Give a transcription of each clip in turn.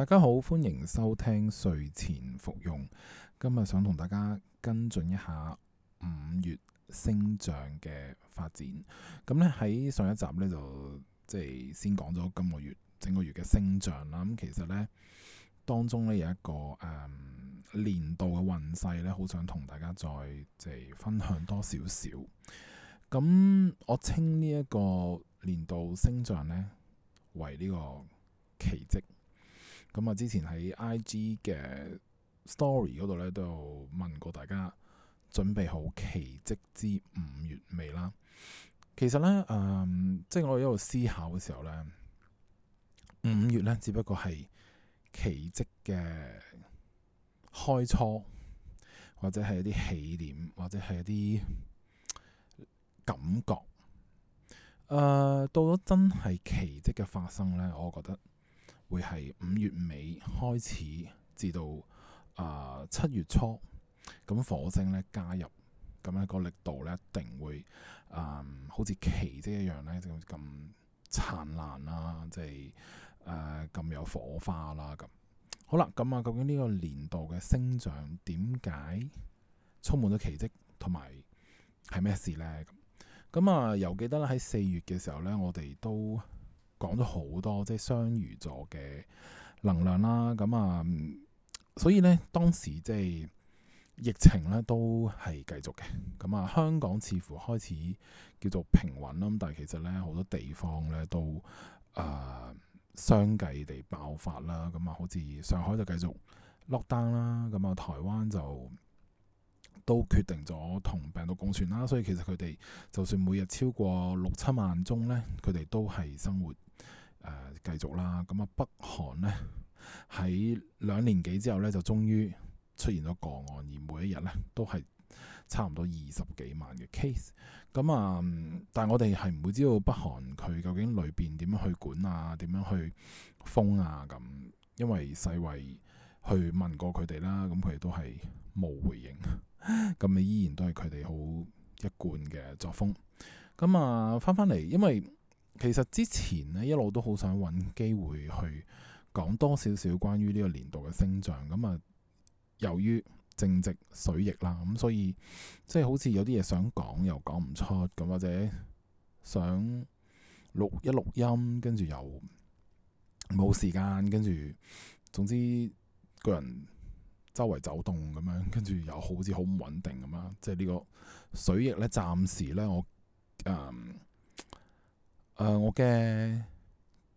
大家好，歡迎收聽睡前服用。今日想同大家跟進一下五月星象嘅發展。咁咧，喺上一集咧就即係先講咗今個月整個月嘅星象啦。咁其實咧，當中咧有一個誒、嗯、年度嘅運勢咧，好想同大家再即係分享多少少。咁我稱呢一個年度星象咧為呢個契機。咁啊！之前喺 I G 嘅 Story 度咧，都有問過大家準備好奇蹟之五月未啦？其實咧，誒、呃，即係我一路思考嘅時候咧，五月咧只不過係奇蹟嘅開初，或者係一啲起點，或者係一啲感覺。誒、呃，到咗真係奇蹟嘅發生咧，我覺得。會係五月尾開始，至到啊七月初，咁火星咧加入，咁樣個力度咧，一定會啊、呃，好似奇蹟一樣咧，就咁燦爛啦，即係誒咁有火花啦，咁好啦。咁啊，究竟呢個年度嘅星象點解充滿咗奇蹟，同埋係咩事咧？咁咁啊，又記得啦，喺四月嘅時候咧，我哋都。講咗好多即係雙魚座嘅能量啦，咁、嗯、啊，所以咧當時即係疫情咧都係繼續嘅，咁、嗯、啊香港似乎開始叫做平穩啦，咁但係其實咧好多地方咧都誒、呃、相繼地爆發啦，咁、嗯、啊好似上海就繼續 lock down 啦、嗯，咁啊台灣就都決定咗同病毒共存啦，所以其實佢哋就算每日超過六七萬宗咧，佢哋都係生活。誒，繼續啦，咁啊，北韓咧喺兩年幾之後咧，就終於出現咗個案，而每一日咧都係差唔多二十幾萬嘅 case，咁啊、嗯，但係我哋係唔會知道北韓佢究竟裏邊點樣去管啊，點樣去封啊，咁因為世衛去問過佢哋啦，咁佢哋都係冇回應，咁、嗯、你依然都係佢哋好一貫嘅作風，咁、嗯、啊，返返嚟，因為。其實之前咧一路都好想搵機會去講多少少關於呢個年度嘅星象，咁啊由於正值水逆啦，咁所以即係好似有啲嘢想講又講唔出，咁或者想錄一錄音，跟住又冇時間，跟住總之個人周圍走動咁樣，跟住又好似好唔穩定咁樣，即係呢個水逆咧，暫時咧我誒。Um, 誒、呃，我嘅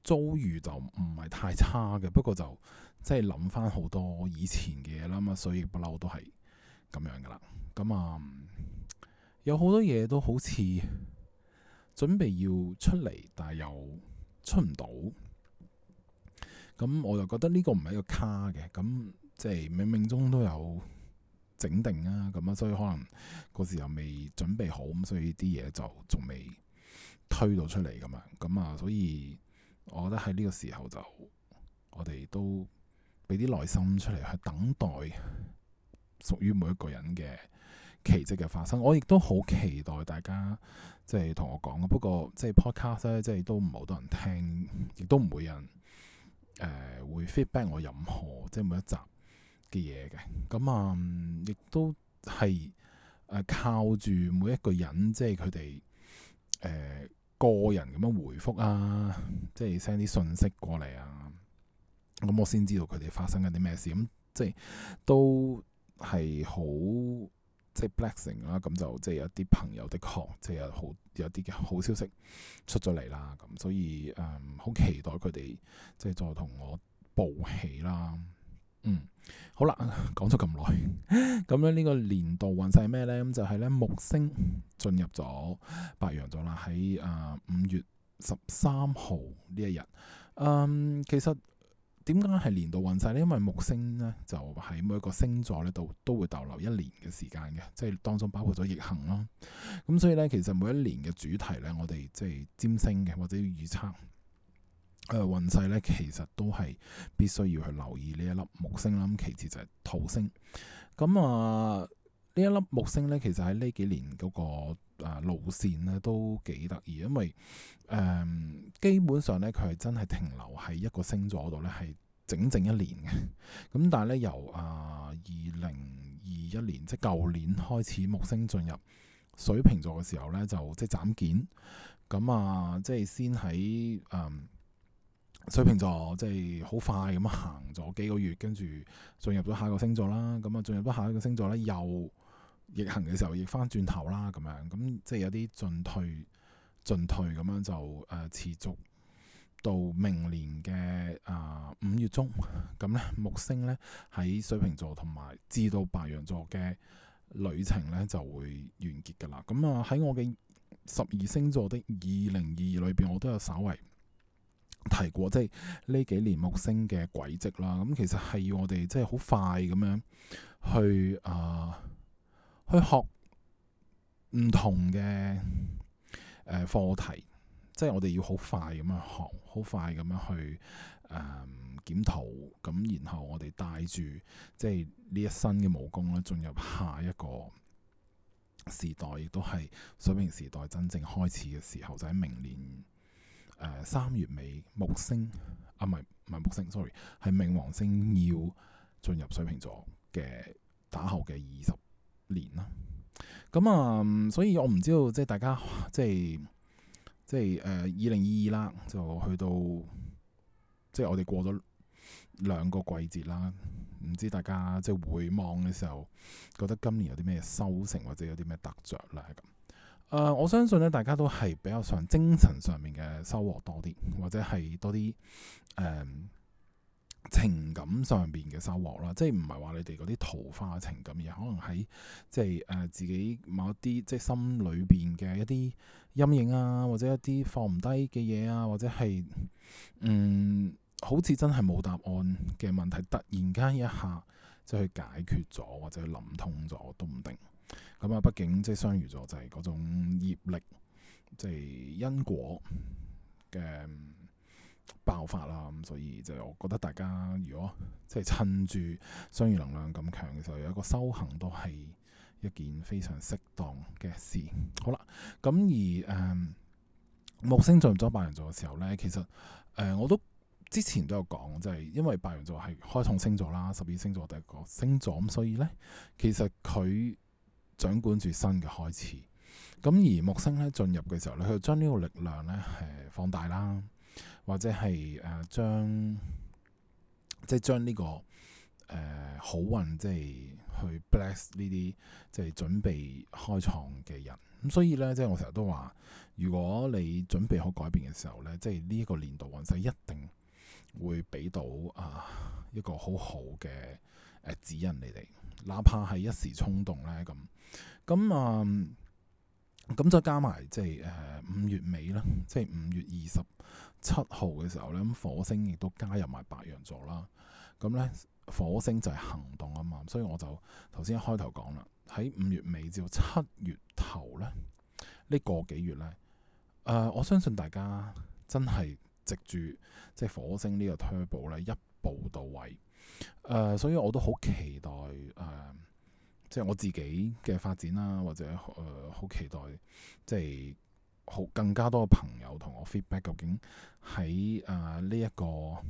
遭遇就唔係太差嘅，不過就即係諗翻好多以前嘅嘢啦嘛，所以不嬲都係咁樣噶啦。咁啊、嗯，有好多嘢都好似準備要出嚟，但係又出唔到。咁我又覺得呢個唔係一個卡嘅，咁即係冥冥中都有整定啊。咁啊，所以可能嗰時又未準備好，咁所以啲嘢就仲未。推到出嚟㗎嘛，咁啊，所以我覺得喺呢個時候就我哋都俾啲耐心出嚟去等待屬於每一個人嘅奇蹟嘅發生。我亦都好期待大家即係同我講。不過即係 podcast 咧，即係都唔係好多人聽，亦都唔會有人誒會 feedback 我任何即係每一集嘅嘢嘅。咁啊，亦都係誒靠住每一個人即係佢哋。就是誒個人咁樣回覆啊，即係 send 啲信息過嚟啊，咁我先知道佢哋發生緊啲咩事。咁即係都係好即係 blessing 啦。咁就即係有啲朋友的確即係有好有啲嘅好消息出咗嚟啦。咁所以誒，好期待佢哋即係再同我報喜啦。嗯，好啦，講咗咁耐，咁咧呢個年度運勢係咩呢？咁就係、是、咧木星進入咗白羊座啦，喺啊五月十三號呢一日。嗯，其實點解係年度運勢呢？因為木星咧就喺每一個星座咧度都會逗留一年嘅時間嘅，即、就、係、是、當中包括咗逆行咯。咁所以咧，其實每一年嘅主題咧，我哋即係佔星嘅或者要預測。誒、呃、運勢咧，其實都係必須要去留意呢一粒木星啦。咁其次就係土星。咁、嗯、啊，呢一粒木星咧，其實喺呢幾年嗰、那個、啊、路線咧都幾得意，因為誒、嗯、基本上咧佢係真係停留喺一個星座度咧，係整整一年嘅。咁、嗯、但係咧，由啊二零二一年即係舊年開始，木星進入水瓶座嘅時候咧，就即係、就是、斬件咁、嗯、啊，即、就、係、是、先喺誒。嗯水瓶座即係好快咁行咗幾個月，跟住進入咗下一個星座啦。咁啊，進入咗下一個星座咧，又逆行嘅時候，亦翻轉頭啦。咁樣，咁即係有啲進退進退咁樣就誒、呃、持續到明年嘅誒五月中。咁咧木星咧喺水瓶座同埋至到白羊座嘅旅程咧就會完結㗎喇。咁啊喺我嘅十二星座的二零二二裏邊，我都有稍微提過，即係呢幾年木星嘅軌跡啦。咁其實係要我哋即係好快咁樣去啊、呃，去學唔同嘅誒課題。即係我哋要好快咁樣學，好快咁樣去誒、呃、檢討。咁然後我哋帶住即係呢一身嘅武功咧，進入下一個時代，亦都係水瓶時代真正開始嘅時候，就喺、是、明年。誒、呃，三月尾木星，啊唔係唔係木星，sorry，係冥王星要進入水瓶座嘅打後嘅二十年啦。咁啊、呃，所以我唔知道，即係大家，即係即係誒，二零二二啦，就去到，即係我哋過咗兩個季節啦。唔知大家即係回望嘅時候，覺得今年有啲咩收成，或者有啲咩得着啦咁？誒、呃，我相信咧，大家都係比較上精神上面嘅收穫多啲，或者係多啲誒、呃、情感上邊嘅收穫啦。即係唔係話你哋嗰啲桃花情感，而可能喺即係誒、呃、自己某一啲即係心裏邊嘅一啲陰影啊，或者一啲放唔低嘅嘢啊，或者係嗯好似真係冇答案嘅問題，突然間一下即係去解決咗，或者諗通咗都唔定。咁啊，畢竟即係雙魚座，就係嗰種業力，即、就、係、是，因果嘅爆發啦。咁所以就我覺得大家如果即係趁住雙魚能量咁強嘅時候，有一個修行都係一件非常適當嘅事。好啦，咁而誒、嗯、木星進入咗白羊座嘅時候咧，其實誒、呃、我都之前都有講，就係、是、因為白羊座係開創星座啦，十二星座第一個星座，咁所以咧其實佢。掌管住新嘅開始，咁而木星咧進入嘅時候咧，佢就將呢個力量咧係放大啦，或者係誒將即係、就是、將呢、這個誒、呃、好運，即、就、係、是、去 bless 呢啲，即、就、係、是、準備開創嘅人。咁所以咧，即、就、係、是、我成日都話，如果你準備好改變嘅時候咧，即係呢一個年度運勢一定會俾到啊一個好好嘅誒指引你哋。哪怕係一時衝動咧，咁咁啊，咁、嗯、就加埋即係誒五月尾啦，即係五月二十七號嘅時候咧，咁火星亦都加入埋白羊座啦。咁咧，火星就係行動啊嘛，所以我就頭先一開頭講啦，喺五月尾至到七月頭咧呢個幾月咧，誒、呃，我相信大家真係籍住即係火星呢個 turbo 咧，一步到位。誒、呃，所以我都好期待誒、呃，即係我自己嘅發展啦，或者誒好、呃、期待，即係好更加多嘅朋友同我 feedback。究竟喺誒呢一個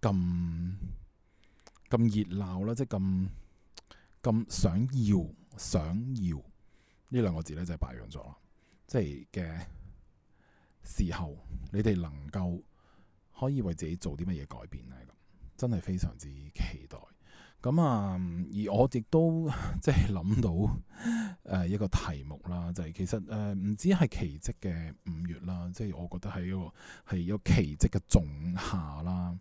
咁咁熱鬧啦，即係咁咁想要想要呢兩個字咧，就係、是、白羊座啦。即係嘅時候，你哋能夠可以為自己做啲乜嘢改變咧？真係非常之期待咁啊！而我亦都即係諗到誒一個題目啦，就係、是、其實誒唔止係奇蹟嘅五月啦，即、就、係、是、我覺得喺一個係一個奇蹟嘅仲夏啦。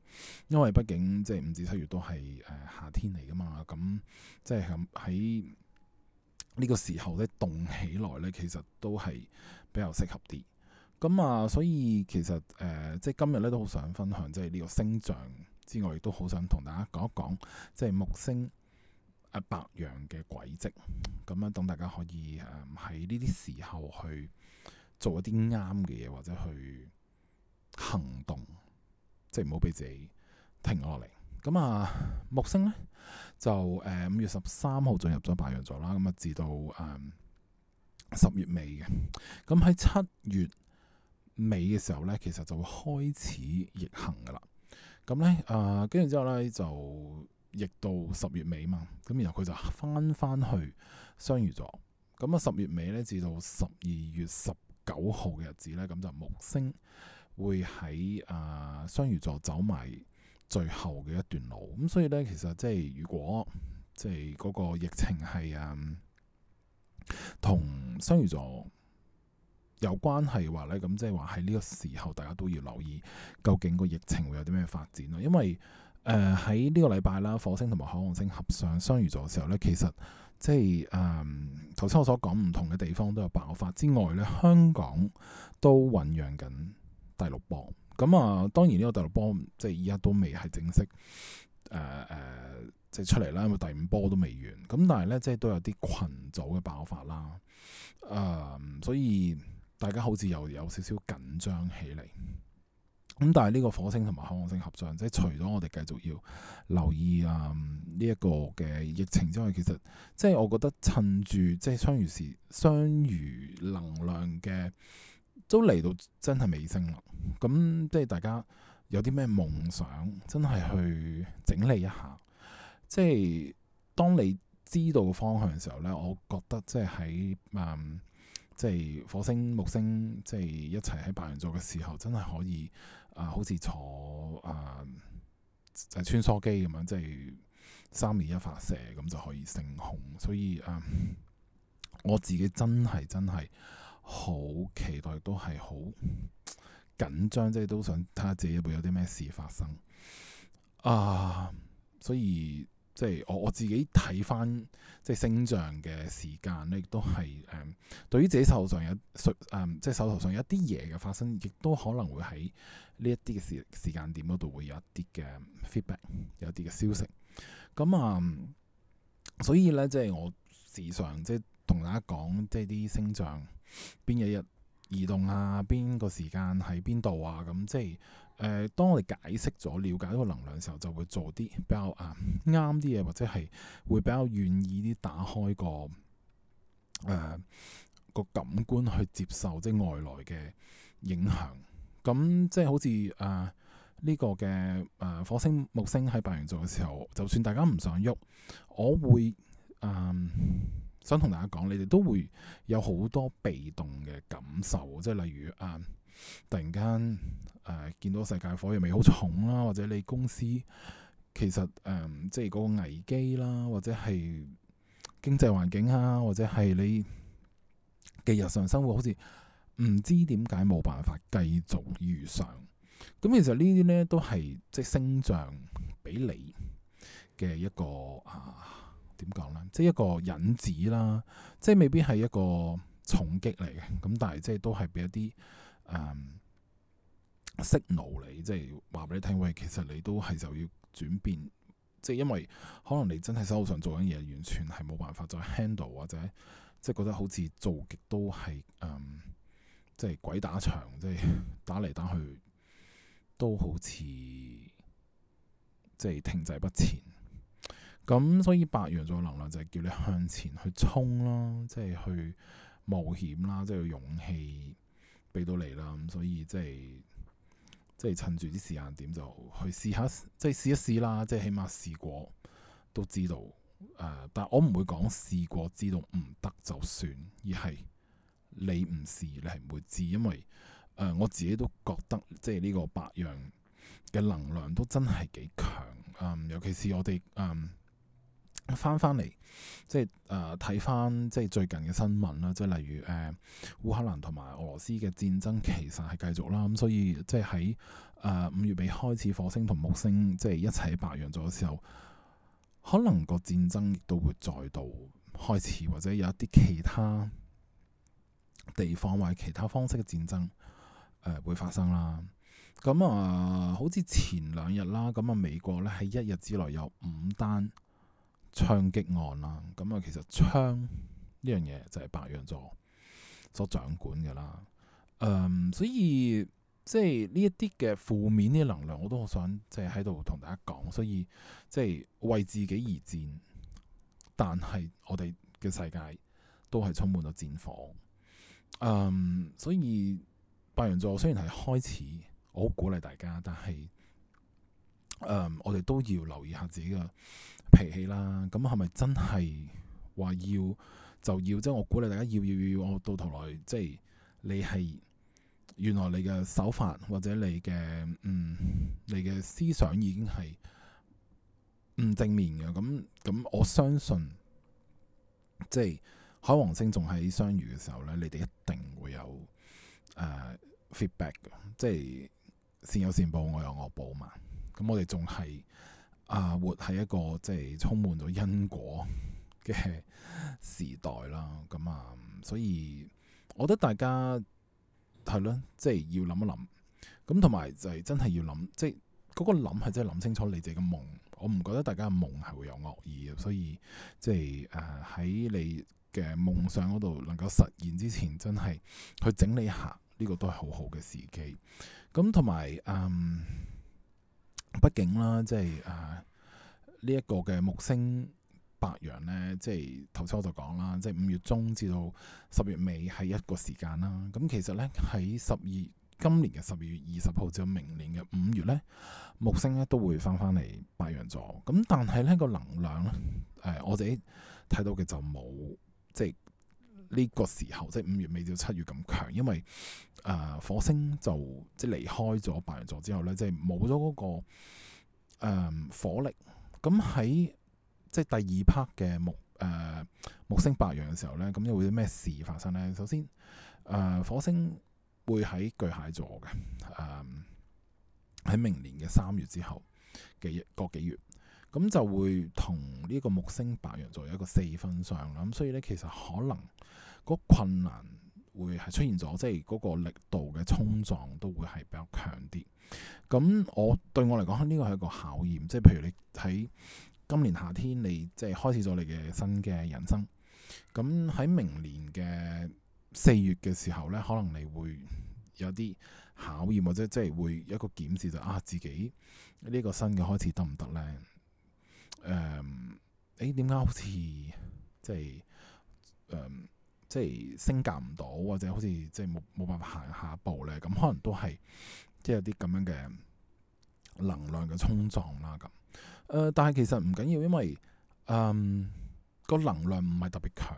因為畢竟即係五至七月都係誒夏天嚟噶嘛，咁即係咁喺呢個時候咧凍起來咧，其實都係比較適合啲咁啊。所以其實誒即係今日咧都好想分享，即係呢個星象。之外，亦都好想同大家講一講，即係木星啊白羊嘅軌跡，咁樣等大家可以誒喺呢啲時候去做一啲啱嘅嘢，或者去行動，即係唔好畀自己停落嚟。咁啊，木星咧就誒五月十三號進入咗白羊座啦，咁啊至到誒十月尾嘅，咁喺七月尾嘅時候咧，其實就會開始逆行㗎喇。咁咧，誒，跟、呃、住之後咧，就逆到十月尾嘛。咁然後佢就翻翻去雙魚座。咁啊，十月尾咧，至到十二月十九號嘅日子咧，咁就木星會喺誒雙魚座走埋最後嘅一段路。咁所以咧，其實即係如果即係嗰個疫情係誒同雙魚座。有關係話咧，咁即係話喺呢個時候，大家都要留意究竟個疫情會有啲咩發展咯。因為誒喺呢個禮拜啦，火星同埋海王星合上雙魚座嘅時候咧，其實即係誒頭先我所講唔同嘅地方都有爆發之外咧，香港都醖釀緊第六波。咁、嗯、啊，當然呢個第六波即係依家都未係正式誒誒、呃、即係出嚟啦，因為第五波都未完。咁但係咧，即係都有啲群組嘅爆發啦。誒、嗯，所以。大家好似又有少少緊張起嚟，咁但係呢個火星同埋海王星合相，即係除咗我哋繼續要留意啊呢一個嘅疫情之外，其實即係我覺得趁住即係雙魚時雙魚能量嘅都嚟到真係尾聲啦。咁即係大家有啲咩夢想，真係去整理一下。即係當你知道個方向嘅時候呢，我覺得即係喺嗯。即係火星木星即係一齊喺白羊座嘅時候，真係可以啊、呃，好似坐啊、呃、就係、是、穿梭機咁樣，即係三二一發射咁就可以升空。所以啊、呃，我自己真係真係好期待，都係好緊張，即係都想睇下自己會有啲咩事發生啊、呃。所以。即係我我自己睇翻，即係星象嘅時間咧，亦都係，誒、嗯，對於自己手上有，誒、嗯，即係手頭上有一啲嘢嘅發生，亦都可能會喺呢一啲嘅時時間點嗰度會有一啲嘅 feedback，有一啲嘅消息。咁、嗯、啊、嗯，所以咧，即係我時常即係同大家講，即係啲星象邊一日移動啊，邊個時間喺邊度啊，咁即係。誒，當我哋解釋咗、了解呢個能量嘅時候，就會做啲比較啊啱啲嘢，或者係會比較願意啲打開、個誒、呃個感官去接受即係外來嘅影響。咁即係好似誒呢個嘅誒、呃、火星木星喺白羊座嘅時候，就算大家唔想喐，我會誒、呃、想同大家講，你哋都會有好多被動嘅感受，即係例如啊。呃突然間誒、呃，見到世界火藥味好重啦，啊，或者你公司其實誒、呃，即係嗰個危機啦，或者係經濟環境啊，或者係你嘅日常生活，好似唔知點解冇辦法繼續如常。咁、嗯、其實呢啲咧都係即係升象俾你嘅一個啊，點講咧，即係一個引子啦，即係未必係一個重擊嚟嘅。咁但係即係都係俾一啲。誒，釋怒、um，你，即係話俾你聽，喂，其實你都係就要轉變，即係因為可能你真係手上做緊嘢，完全係冇辦法再 handle 或者，即係覺得好似做極都係、嗯、即係鬼打牆，即係打嚟打去都好似即係停滯不前。咁所以白羊座能量就係叫你向前去衝咯，即係去冒險啦，即係有勇氣。俾到你啦，咁所以即係即係趁住啲時間點就去試下，即係試一試啦，即係起碼試過都知道。誒，但我唔會講試過知道唔得就算，而係你唔試，你係唔會知。因為誒，我自己都覺得即係呢個白羊嘅能量都真係幾強。嗯，尤其是我哋嗯。呃翻翻嚟，即係誒睇翻即係最近嘅新聞啦，即係例如誒烏、呃、克蘭同埋俄羅斯嘅戰爭，其實係繼續啦。咁、嗯、所以即係喺誒五月尾開始，火星同木星即係一齊白羊座嘅時候，可能個戰爭亦都會再度開始，或者有一啲其他地方或者其他方式嘅戰爭誒、呃、會發生啦。咁、嗯、啊、呃，好似前兩日啦，咁、嗯、啊美國咧喺一日之內有五單。槍擊案啦，咁啊，其實槍呢樣嘢就係白羊座所掌管嘅啦，誒、嗯，所以即係呢一啲嘅負面啲能量，我都好想即係喺度同大家講，所以即係為自己而戰，但係我哋嘅世界都係充滿咗戰火，嗯，所以白羊座雖然係開始，我好鼓勵大家，但係誒、嗯，我哋都要留意下自己嘅。脾氣啦，咁係咪真係話要就要？即係我鼓勵大家要要要，我到頭來即係你係原來你嘅手法或者你嘅嗯你嘅思想已經係唔正面嘅。咁咁，我相信即係海王星仲喺雙魚嘅時候咧，你哋一定會有誒、呃、feedback 嘅，即係善有善報，惡有惡報嘛。咁我哋仲係。啊，活喺一個即係充滿咗因果嘅時代啦，咁、嗯、啊，所以，我覺得大家係咯，即係要諗一諗，咁同埋就係真係要諗，即係嗰、嗰個諗係真係諗清楚你自己嘅夢。我唔覺得大家嘅夢係會有惡意嘅，所以即係誒喺你嘅夢想嗰度能夠實現之前，真係去整理一下呢、呢個都係好好嘅時機。咁同埋嗯。畢竟啦，即係誒呢一個嘅木星白羊咧，即係頭先我就講啦，即係五月中至到十月尾係一個時間啦。咁其實咧喺十二今年嘅十二月二十號至到明年嘅五月咧，木星咧都會返返嚟白羊座。咁但係咧、嗰個能量咧，誒、嗯呃、我自己睇到嘅就冇，即係。呢個時候即係五月尾到七月咁強，因為誒、呃、火星就即係離開咗白羊座之後咧，即係冇咗嗰個、呃、火力。咁喺即係第二 part 嘅木誒、呃、木星白羊嘅時候咧，咁又會有咩事發生咧？首先誒、呃、火星會喺巨蟹座嘅誒喺明年嘅三月之後幾個幾月。咁就會同呢個木星白羊座有一個四分相啦。咁所以咧，其實可能個困難會係出現咗，即係嗰個力度嘅衝撞都會係比較強啲。咁我對我嚟講，呢個係一個考驗。即係譬如你喺今年夏天你，你即係開始咗你嘅新嘅人生。咁喺明年嘅四月嘅時候咧，可能你會有啲考驗，或者即係會一個檢視就啊自己呢個新嘅開始得唔得咧？誒，誒點解好似即係誒，即係、嗯、升格唔到，或者好似即係冇冇辦法行下步咧？咁、嗯、可能都係即係有啲咁樣嘅能量嘅衝撞啦。咁、呃、誒，但係其實唔緊要，因為誒個、嗯、能量唔係特別強，誒、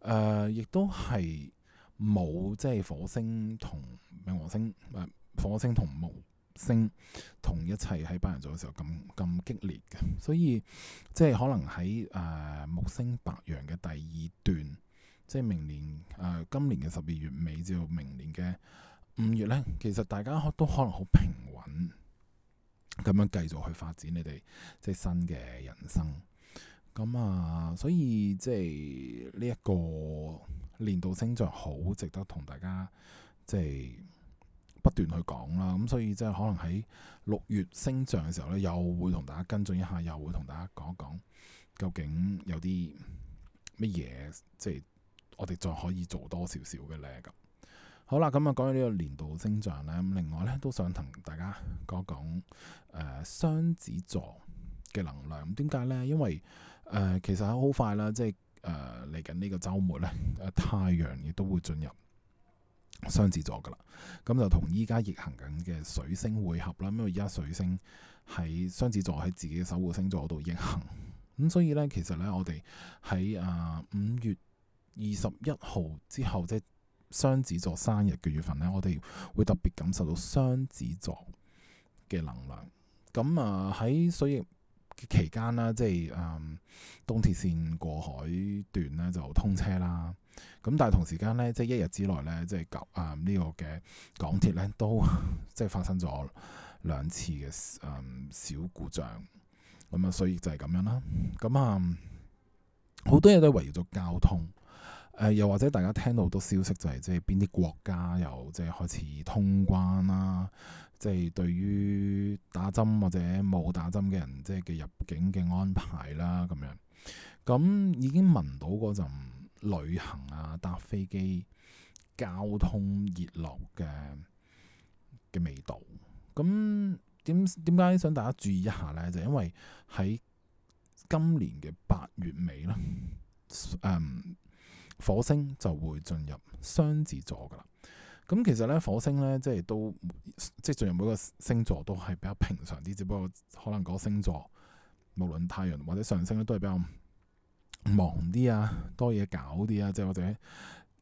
呃、亦都係冇即係火星同冥王星，唔、呃、火星同木。星同一齊喺白羊座嘅時候，咁咁激烈嘅，所以即係可能喺誒、呃、木星白羊嘅第二段，即係明年誒、呃、今年嘅十二月尾至到明年嘅五月咧，其實大家都可能好平穩咁樣繼續去發展你哋即係新嘅人生。咁啊，所以即係呢一個年度星座好值得同大家即係。不斷去講啦，咁所以即係可能喺六月升象嘅時候咧，又會同大家跟進一下，又會同大家講一講究竟有啲乜嘢，即係我哋再可以做多少少嘅咧咁。好啦，咁、嗯、啊講完呢個年度升象咧，咁另外咧都想同大家講一講誒、呃、雙子座嘅能量。點解咧？因為誒、呃、其實好快啦，即係誒嚟緊呢個週末咧，誒、呃、太陽亦都會進入雙子座噶啦，咁就同依家逆行緊嘅水星會合啦，因為依家水星喺雙子座喺自己嘅守護星座度逆行，咁所以咧，其實咧我哋喺啊五月二十一號之後，即係雙子座生日嘅月份咧，我哋會特別感受到雙子座嘅能量，咁啊喺水期間啦，即係誒、嗯、東鐵線過海段咧就通車啦。咁但係同時間咧，即係一日之內咧，即係舊誒呢個嘅港鐵咧都即係發生咗兩次嘅誒、嗯、小故障。咁、嗯、啊，所以就係咁樣啦。咁啊、嗯，好多嘢都圍繞咗交通。誒、呃，又或者大家聽到好多消息、就是，就係即係邊啲國家又即係開始通關啦。即係對於打針或者冇打針嘅人，即係嘅入境嘅安排啦，咁樣咁、嗯、已經聞到嗰陣旅行啊、搭飛機、交通熱絡嘅嘅味道。咁點點解想大家注意一下呢？就因為喺今年嘅八月尾啦，誒、嗯，火星就會進入雙子座噶啦。咁其實咧，火星咧，即係都即係進入每個星座都係比較平常啲，只不過可能個星座無論太陽或者上升咧，都係比較忙啲啊，多嘢搞啲啊，即係或者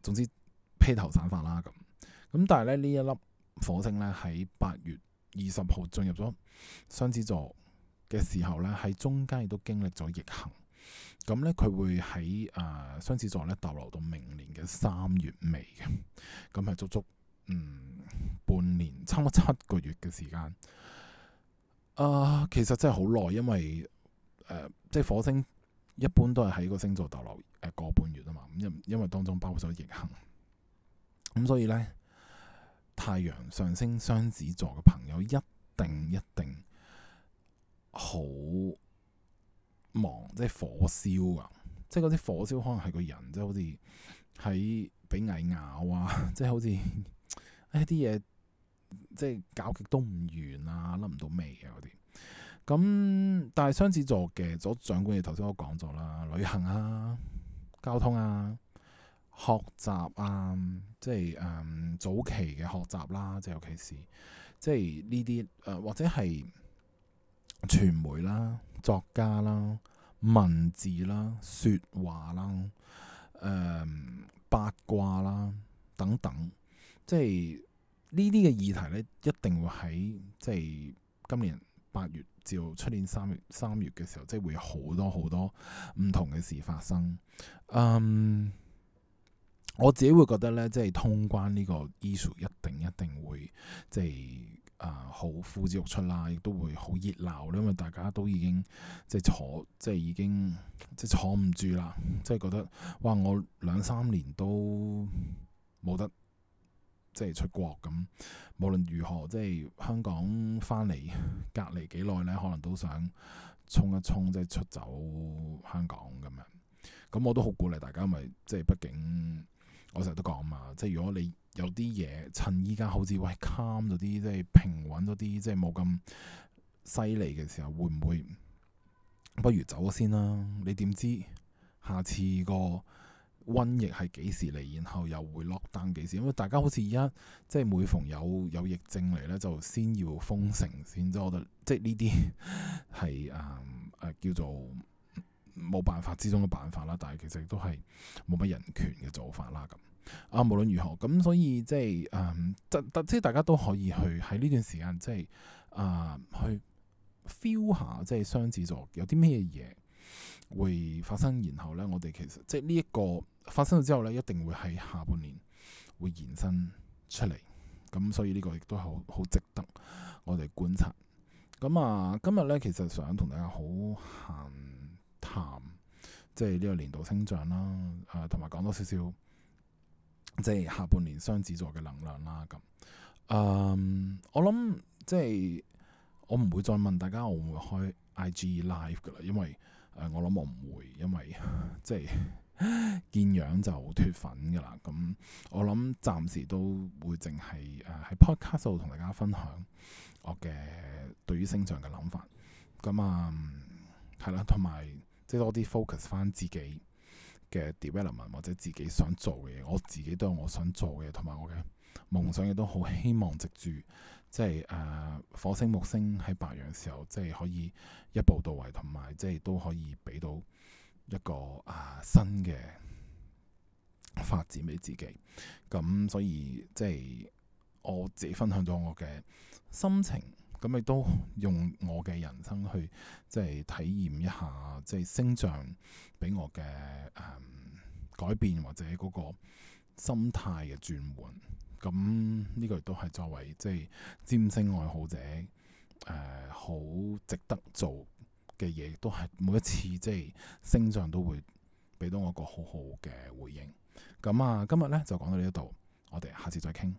總之披頭散髮啦咁。咁但係咧，呢一粒火星咧喺八月二十號進入咗雙子座嘅時候咧，喺中間亦都經歷咗逆行。咁咧，佢、嗯、會喺誒、呃、雙子座咧逗留到明年嘅三月尾嘅，咁係足足嗯半年，差唔多七個月嘅時間。啊、呃，其實真係好耐，因為誒、呃，即係火星一般都係喺個星座逗留誒個、呃、半月啊嘛，咁因因為當中包括咗逆行，咁、嗯、所以咧，太陽上升雙子座嘅朋友一定一定好忙，即係火燒啊！即係嗰啲火燒，火燒可能係個人，即係好似喺俾蟻咬啊！即係好似唉啲嘢，即係搞極都唔完啊，甩唔到尾啊。嗰啲。咁但係雙子座嘅，咗掌管，你頭先都講咗啦，旅行啊，交通啊，學習啊，即係誒、嗯、早期嘅學習啦、啊，即係尤其是即係呢啲誒，或者係傳媒啦、啊。作家啦、文字啦、説話啦、誒、嗯、八卦啦等等，即係呢啲嘅議題咧，一定會喺即係今年八月至到出年三月三月嘅時候，即係會有好多好多唔同嘅事發生。嗯，我自己會覺得咧，即係通關呢個 issue 一定一定會即係。啊，好呼之欲出啦，亦都會好熱鬧，因為大家都已經即係坐，即係已經即係坐唔住啦，即係覺得哇，我兩三年都冇得即係出國咁，無論如何，即係香港翻嚟隔離幾耐咧，可能都想衝一衝，即係出走香港咁樣。咁我都好鼓勵大家，咪即係畢竟，我成日都講嘛，即係如果你。有啲嘢趁依家好似喂 calm 咗啲，即係平穩多啲，即係冇咁犀利嘅時候，會唔會不如走咗先啦？你點知下次個瘟疫係幾時嚟？然後又 lockdown 幾時？因為大家好似而家即係每逢有有疫症嚟咧，就先要封城，先。所以，我覺得即係呢啲係誒誒叫做冇辦法之中嘅辦法啦。但係其實亦都係冇乜人權嘅做法啦咁。啊，無論如何，咁所以即係誒，特、呃、特即係大家都可以去喺呢段時間，即係啊、呃，去 feel 下，即係雙子座有啲咩嘢嘢會發生，然後咧，我哋其實即係呢一個發生咗之後咧，一定會喺下半年會延伸出嚟，咁所以呢個亦都好好值得我哋觀察。咁啊，今日咧其實想同大家好閒談，即係呢個年度星象啦，誒、啊，同埋講多少少。即係下半年雙子座嘅能量啦，咁，嗯，我諗即係我唔會再問大家，我唔會開 IG live 噶啦，因為誒、呃、我諗我唔會，因為即係 見樣就脫粉噶啦。咁我諗暫時都會淨係誒喺、呃、podcast 度同大家分享我嘅對於星象嘅諗法。咁啊係啦，同、嗯、埋即係多啲 focus 翻自己嘅 development 或者自己想做嘅嘢，我自己都有我想做嘅嘢，同埋我嘅夢想亦都好希望藉住即係誒、啊、火星木星喺白羊時候，即係可以一步到位，同埋即係都可以俾到一個誒、啊、新嘅發展俾自己。咁所以即係我自己分享咗我嘅心情。咁亦都用我嘅人生去即係體驗一下，即係星象俾我嘅誒改變或者嗰個心態嘅轉換，咁呢、呢個亦都係作為即係占星愛好者誒好、呃、值得做嘅嘢，亦都係每一次即係星象都會俾到我一個好好嘅回應，咁啊，今日咧就講到呢一度，我哋下次再傾。